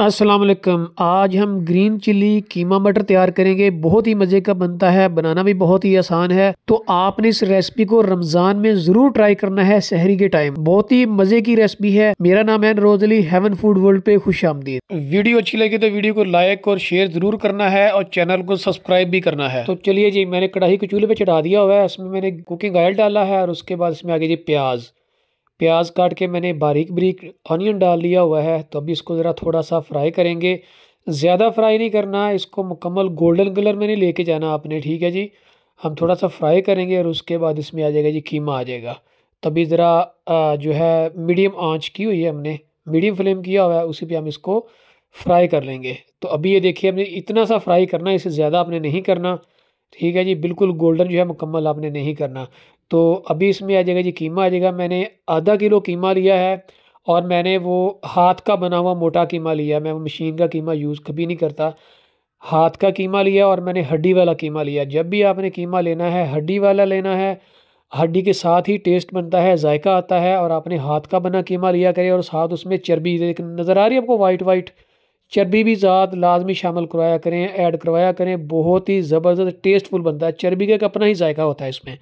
वालेकुम आज हम ग्रीन चिली कीमा मटर तैयार करेंगे बहुत ही मज़े का बनता है बनाना भी बहुत ही आसान है तो आपने इस रेसिपी को रमज़ान में ज़रूर ट्राई करना है शहरी के टाइम बहुत ही मज़े की रेसिपी है मेरा नाम है रोजली हेवन फूड वर्ल्ड पे खुश आमदीद वीडियो अच्छी लगी तो वीडियो को लाइक और शेयर ज़रूर करना है और चैनल को सब्सक्राइब भी करना है तो चलिए जी मैंने कढ़ाई को चूल्हे पर चढ़ा दिया हुआ है इसमें मैंने कुकिंग ऑयल डाला है और उसके बाद इसमें आगे जी प्याज प्याज काट के मैंने बारीक बारीक ऑनियन डाल लिया हुआ है तो अभी इसको ज़रा थोड़ा सा फ्राई करेंगे ज़्यादा फ्राई नहीं करना इसको मुकम्मल गोल्डन कलर में नहीं लेके जाना आपने ठीक है जी हम थोड़ा सा फ्राई करेंगे और उसके बाद इसमें आ जाएगा जी कीमा आ जाएगा तभी ज़रा जो है मीडियम आंच की हुई है हमने मीडियम फ्लेम किया हुआ है उसी पे हम इसको फ्राई कर लेंगे तो अभी ये देखिए हमने इतना सा फ्राई करना है इससे ज़्यादा आपने नहीं करना ठीक है जी बिल्कुल गोल्डन जो है मुकम्मल आपने नहीं करना तो अभी इसमें आ जाएगा जी कीमा आ जाएगा मैंने आधा किलो कीमा लिया है और मैंने वो हाथ का बना हुआ मोटा कीमा लिया मैं वो मशीन का कीमा यूज़ कभी नहीं करता हाथ का कीमा लिया और मैंने हड्डी वाला कीमा लिया जब भी आपने कीमा लेना है हड्डी वाला लेना है हड्डी के साथ ही टेस्ट बनता है जायका आता है और आपने हाथ का बना कीमा लिया करें और साथ उसमें चर्बी नज़र आ रही है आपको वाइट वाइट चर्बी भी ज़्यादा लाजमी शामिल करवाया करें ऐड करवाया करें बहुत ही ज़बरदस्त टेस्टफुल बनता है चर्बी का एक अपना ही जायका होता है इसमें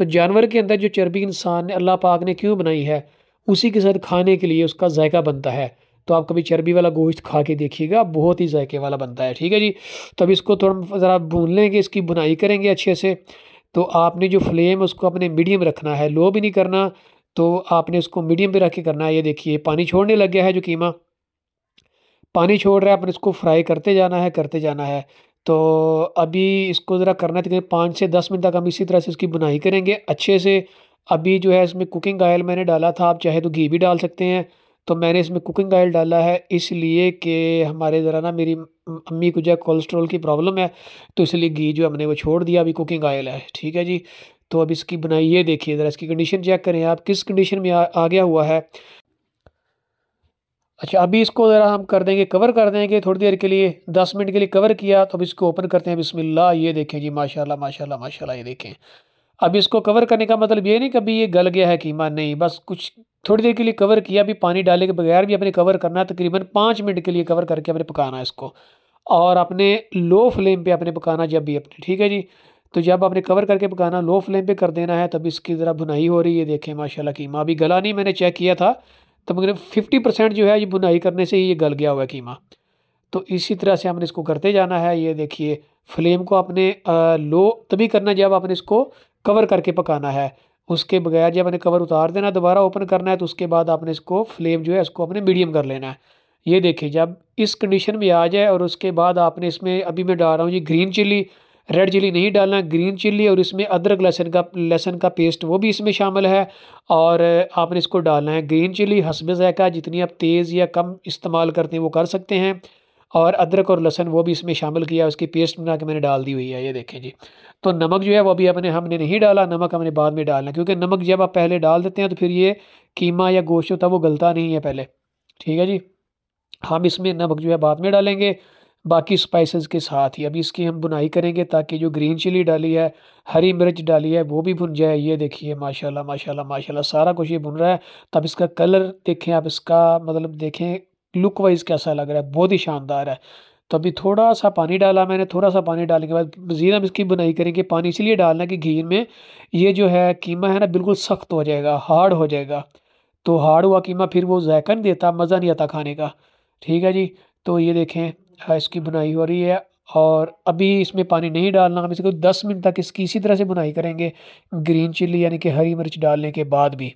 तो जानवर के अंदर जो चर्बी इंसान ने अल्लाह पाक ने क्यों बनाई है उसी के साथ खाने के लिए उसका जायका बनता है तो आप कभी चर्बी वाला गोश्त खा के देखिएगा बहुत ही जायके वाला बनता है ठीक है जी तो अब इसको थोड़ा ज़रा भून लेंगे इसकी बुनाई करेंगे अच्छे से तो आपने जो फ्लेम उसको अपने मीडियम रखना है लो भी नहीं करना तो आपने उसको मीडियम पे रख के करना है ये देखिए पानी छोड़ने लग गया है जो कीमा पानी छोड़ रहा है आपने इसको फ्राई करते जाना है करते जाना है तो अभी इसको ज़रा करना तकरीबन पाँच से दस मिनट तक हम इसी तरह से इसकी बुनाई करेंगे अच्छे से अभी जो है इसमें कुकिंग ऑयल मैंने डाला था आप चाहे तो घी भी डाल सकते हैं तो मैंने इसमें कुकिंग ऑयल डाला है इसलिए कि हमारे ज़रा ना मेरी अम्मी को जो है कोलेस्ट्रोल की प्रॉब्लम है तो इसलिए घी जो हमने वो छोड़ दिया अभी कुकिंग ऑयल है ठीक है जी तो अब इसकी बनाइए देखिए ज़रा इसकी कंडीशन चेक करें आप किस कंडीशन में आ, आ गया हुआ है अच्छा अभी इसको ज़रा हम कर देंगे कवर कर देंगे थोड़ी देर के लिए दस मिनट के लिए कवर किया तो अब इसको ओपन करते हैं बिस्मिल्लाह ये देखें जी माशाल्लाह माशाल्लाह माशाल्लाह ये देखें अब इसको कवर करने का मतलब ये नहीं कभी ये गल गया है कीमा नहीं बस कुछ थोड़ी देर के लिए कवर किया अभी पानी डाले के बगैर भी अपने कवर करना है तकरीबन पाँच मिनट के लिए कवर करके अपने पकाना है इसको और अपने लो फ्लेम पे अपने पकाना जब भी अपने ठीक है जी तो जब आपने कवर करके पकाना लो फ्लेम पे कर देना है तब इसकी ज़रा बुनाई हो रही है देखें माशाल्लाह कीमा अभी गला नहीं मैंने चेक किया था मगर फिफ्टी परसेंट जो है ये बुनाई करने से ही ये गल गया हुआ है कीमा तो इसी तरह से हमने इसको करते जाना है ये देखिए फ्लेम को आपने लो तभी करना जब आपने इसको कवर करके पकाना है उसके बगैर जब अपने कवर उतार देना दोबारा ओपन करना है तो उसके बाद आपने इसको फ्लेम जो है इसको आपने मीडियम कर लेना है ये देखिए जब इस कंडीशन में आ जाए और उसके बाद आपने इसमें अभी मैं डाल रहा हूँ ये ग्रीन चिली रेड चिली नहीं डालना ग्रीन चिली और इसमें अदरक लहसन का लहसन का पेस्ट वो भी इसमें शामिल है और आपने इसको डालना है ग्रीन चिली हसब जैक़ा जितनी आप तेज़ या कम इस्तेमाल करते हैं वो कर सकते हैं और अदरक और लहसन वो भी इसमें शामिल किया उसकी पेस्ट बना के मैंने डाल दी हुई है ये देखें जी तो नमक जो है वो भी अपने हमने नहीं डाला नमक हमने बाद में डालना क्योंकि नमक जब आप पहले डाल देते हैं तो फिर ये कीमा या गोश्त होता है वो गलता नहीं है पहले ठीक है जी हम इसमें नमक जो है बाद में डालेंगे बाकी स्पाइसेस के साथ ही अभी इसकी हम बुनाई करेंगे ताकि जो ग्रीन चिली डाली है हरी मिर्च डाली है वो भी भुन जाए ये देखिए माशाल्लाह माशाल्लाह माशाल्लाह सारा कुछ ये भुन रहा है तब इसका कलर देखें आप इसका मतलब देखें लुक वाइज कैसा लग रहा है बहुत ही शानदार है तो अभी थोड़ा सा पानी डाला मैंने थोड़ा सा पानी डालने के बाद मज़ीद हम इसकी बुनाई करेंगे पानी इसलिए डालना कि घी में ये जो है कीमा है ना बिल्कुल सख्त हो जाएगा हार्ड हो जाएगा तो हार्ड हुआ कीमा फिर वो जायका नहीं देता मज़ा नहीं आता खाने का ठीक है जी तो ये देखें इसकी बुनाई हो रही है और अभी इसमें पानी नहीं डालना हम इसको 10 मिनट तक इसकी इसी तरह से बुनाई करेंगे ग्रीन चिल्ली यानी कि हरी मिर्च डालने के बाद भी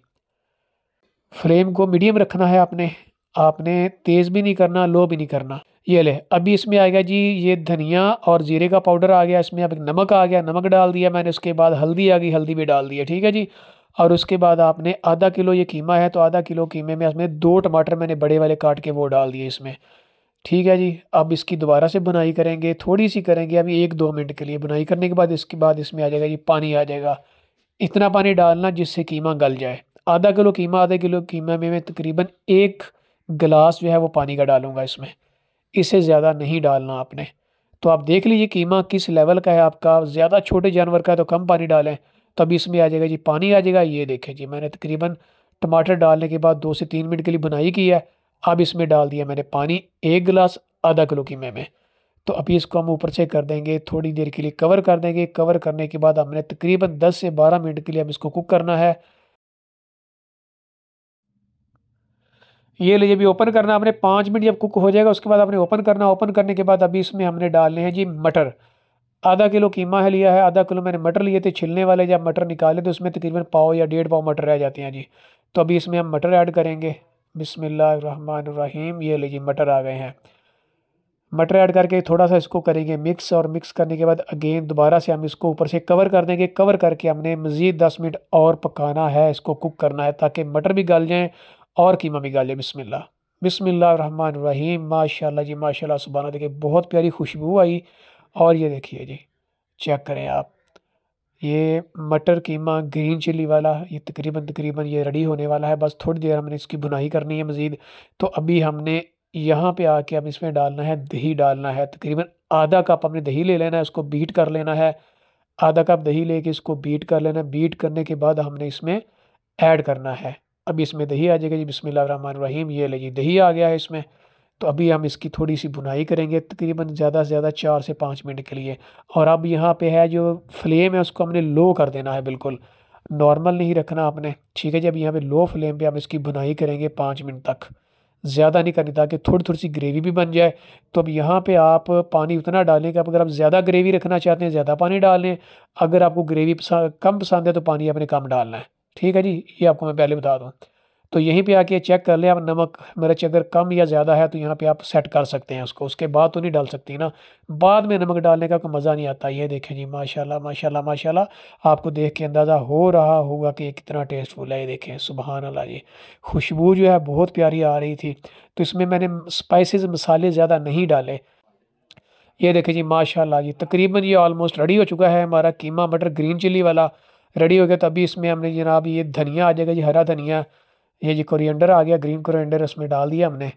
फ्लेम को मीडियम रखना है आपने आपने तेज़ भी नहीं करना लो भी नहीं करना ये ले अभी इसमें आएगा जी ये धनिया और जीरे का पाउडर आ गया इसमें अब नमक आ गया नमक डाल दिया मैंने उसके बाद हल्दी आ गई हल्दी भी डाल दिया ठीक है जी और उसके बाद आपने आधा किलो ये कीमा है तो आधा किलो कीमे में इसमें दो टमाटर मैंने बड़े वाले काट के वो डाल दिए इसमें ठीक है जी अब इसकी दोबारा से बुनाई करेंगे थोड़ी सी करेंगे अभी एक दो मिनट के लिए बुनाई करने के बाद इसके बाद इसमें आ जाएगा जी पानी आ जाएगा इतना पानी डालना जिससे कीमा गल जाए आधा किलो कीमा आधा किलो कीमा में मैं तकरीबन एक गिलास जो है वो पानी का डालूंगा इसमें इसे ज़्यादा नहीं डालना आपने तो आप देख लीजिए कीमा किस लेवल का है आपका ज़्यादा छोटे जानवर का है तो कम पानी डालें तब इसमें आ जाएगा जी पानी आ जाएगा ये देखें जी मैंने तकरीबन टमाटर डालने के बाद दो से तीन मिनट के लिए बुनाई की है अब इसमें डाल दिया मैंने पानी एक गिलास आधा किलो कीमे में तो अभी इसको हम ऊपर से कर देंगे थोड़ी देर के लिए कवर कर देंगे कवर करने के बाद हमने तकरीबन 10 से 12 मिनट के लिए हम इसको कुक करना है ये लीजिए अभी ओपन करना आपने पाँच मिनट जब कुक हो जाएगा उसके बाद आपने ओपन करना ओपन करने के बाद अभी इसमें हमने डालने हैं जी मटर आधा किलो कीमा है लिया है आधा किलो मैंने मटर लिए थे छिलने वाले जब मटर निकाले तो उसमें तकरीबन पाव या डेढ़ पाव मटर रह जाते हैं जी तो अभी इसमें हम मटर ऐड करेंगे बिसमीम ये लीजिए मटर आ गए हैं मटर ऐड करके थोड़ा सा इसको करेंगे मिक्स और मिक्स करने के बाद अगेन दोबारा से हम इसको ऊपर से कवर कर देंगे कवर करके हमने मज़ीद दस मिनट और पकाना है इसको कुक करना है ताकि मटर भी गल जाएँ और कीमा भी गल जाए बिसमिल्ला बिसमीम माशा जी माशा सुबह देखिए बहुत प्यारी खुशबू आई और ये देखिए जी चेक करें आप ये मटर कीमा ग्रीन चिली वाला ये तकरीबन तकरीबन ये रेडी होने वाला है बस थोड़ी देर हमने इसकी बुनाई करनी है मज़ीद तो अभी हमने यहाँ पे आके अब इसमें डालना है दही डालना है तकरीबन आधा कप हमने दही ले लेना है इसको बीट कर लेना है आधा कप दही लेके इसको बीट कर लेना है बीट करने के बाद हमने इसमें ऐड करना है अब इसमें दही आ जाएगा जी बिसमिल्ल रहीम ये ले जी दही आ गया है इसमें तो अभी हम इसकी थोड़ी सी बुनाई करेंगे तकरीबन ज़्यादा से ज़्यादा चार से पाँच मिनट के लिए और अब यहाँ पे है जो फ्लेम है उसको हमने लो कर देना है बिल्कुल नॉर्मल नहीं रखना आपने ठीक है जब यहाँ पे लो फ्लेम पे हम इसकी बुनाई करेंगे पाँच मिनट तक ज़्यादा नहीं करनी ताकि थोड़ी थोड़ी सी ग्रेवी भी बन जाए तो अब यहाँ पर आप पानी उतना डालें कि अगर आप ज़्यादा ग्रेवी रखना चाहते हैं ज़्यादा पानी डाल लें अगर आपको ग्रेवी कम पसंद है तो पानी आपने कम डालना है ठीक है जी ये आपको मैं पहले बता दूँ तो यहीं पे आके चेक कर लें आप नमक मिर्च अगर कम या ज़्यादा है तो यहाँ पे आप सेट कर सकते हैं उसको उसके बाद तो नहीं डाल सकती ना बाद में नमक डालने का कोई मज़ा नहीं आता ये देखें जी माशाल्लाह माशाल्लाह माशाल्लाह आपको देख के अंदाज़ा हो रहा होगा कि ये कितना टेस्टफुल है ये देखें सुबह अल्लाह जी खुशबू जो है बहुत प्यारी आ रही थी तो इसमें मैंने स्पाइसिस मसाले ज़्यादा नहीं डाले ये देखें जी माशाल्लाह जी तकरीबन ये ऑलमोस्ट रेडी हो चुका है हमारा कीमा मटर ग्रीन चिली वाला रेडी हो गया तो अभी इसमें हमने जनाब ये धनिया आ जाएगा जी हरा धनिया ये जी कोरिएंडर आ गया ग्रीन कोरिएंडर इसमें डाल दिया हमने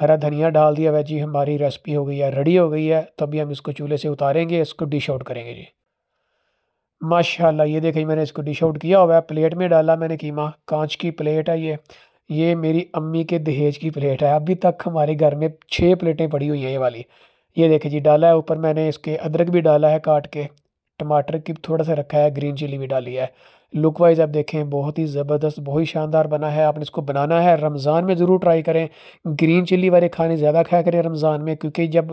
हरा धनिया डाल दिया वह जी हमारी रेसिपी हो गई है रेडी हो गई है तभी तो हम इसको चूल्हे से उतारेंगे इसको डिश आउट करेंगे जी माशाल्लाह ये देखिए मैंने इसको डिश आउट किया हुआ है प्लेट में डाला मैंने कीमा कांच की प्लेट है ये ये मेरी अम्मी के दहेज की प्लेट है अभी तक हमारे घर में छः प्लेटें पड़ी हुई हैं ये वाली ये देखिए जी डाला है ऊपर मैंने इसके अदरक भी डाला है काट के टमाटर की थोड़ा सा रखा है ग्रीन चिली भी डाली है लुक वाइज आप देखें बहुत ही ज़बरदस्त बहुत ही शानदार बना है आपने इसको बनाना है रमज़ान में ज़रूर ट्राई करें ग्रीन चिली वाले खाने ज़्यादा खाया करें रमज़ान में क्योंकि जब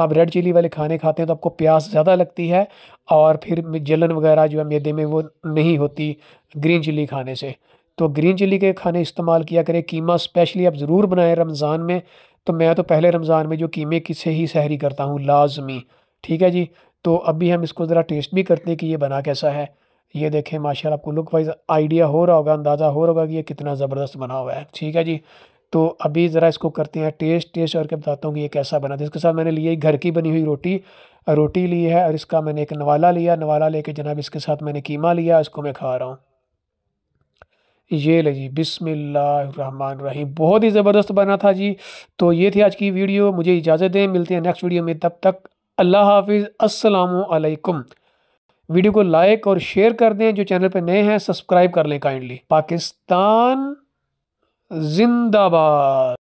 आप रेड चिली वाले खाने खाते हैं तो आपको प्यास ज़्यादा लगती है और फिर जलन वगैरह जो है मैदे में वो नहीं होती ग्रीन चिली खाने से तो ग्रीन चिली के खाने इस्तेमाल किया करें कीमा स्पेशली आप ज़रूर बनाएं रमज़ान में तो मैं तो पहले रमज़ान में जो कीमे की से ही सहरी करता हूँ लाजमी ठीक है जी तो अभी हम इसको ज़रा टेस्ट भी करते हैं कि ये बना कैसा है ये देखें माशा आपको लुक वाइज आइडिया हो रहा होगा अंदाज़ा हो रहा होगा कि ये कितना ज़बरदस्त बना हुआ है ठीक है जी तो अभी ज़रा इसको करते हैं टेस्ट टेस्ट और क्या बताता हूँ कि ये कैसा बना था इसके साथ मैंने लिए घर की बनी हुई रोटी रोटी ली है और इसका मैंने एक नवाला लिया नवाला लेके जनाब इसके साथ मैंने कीमा लिया इसको मैं खा रहा हूँ ये ले जी बिसमिल्लाहमान बहुत ही ज़बरदस्त बना था जी तो ये थी आज की वीडियो मुझे इजाज़त दें मिलते हैं नेक्स्ट वीडियो में तब तक अल्लाह हाफिज़ असलकम वीडियो को लाइक और शेयर कर दें जो चैनल पर नए हैं सब्सक्राइब कर लें काइंडली पाकिस्तान जिंदाबाद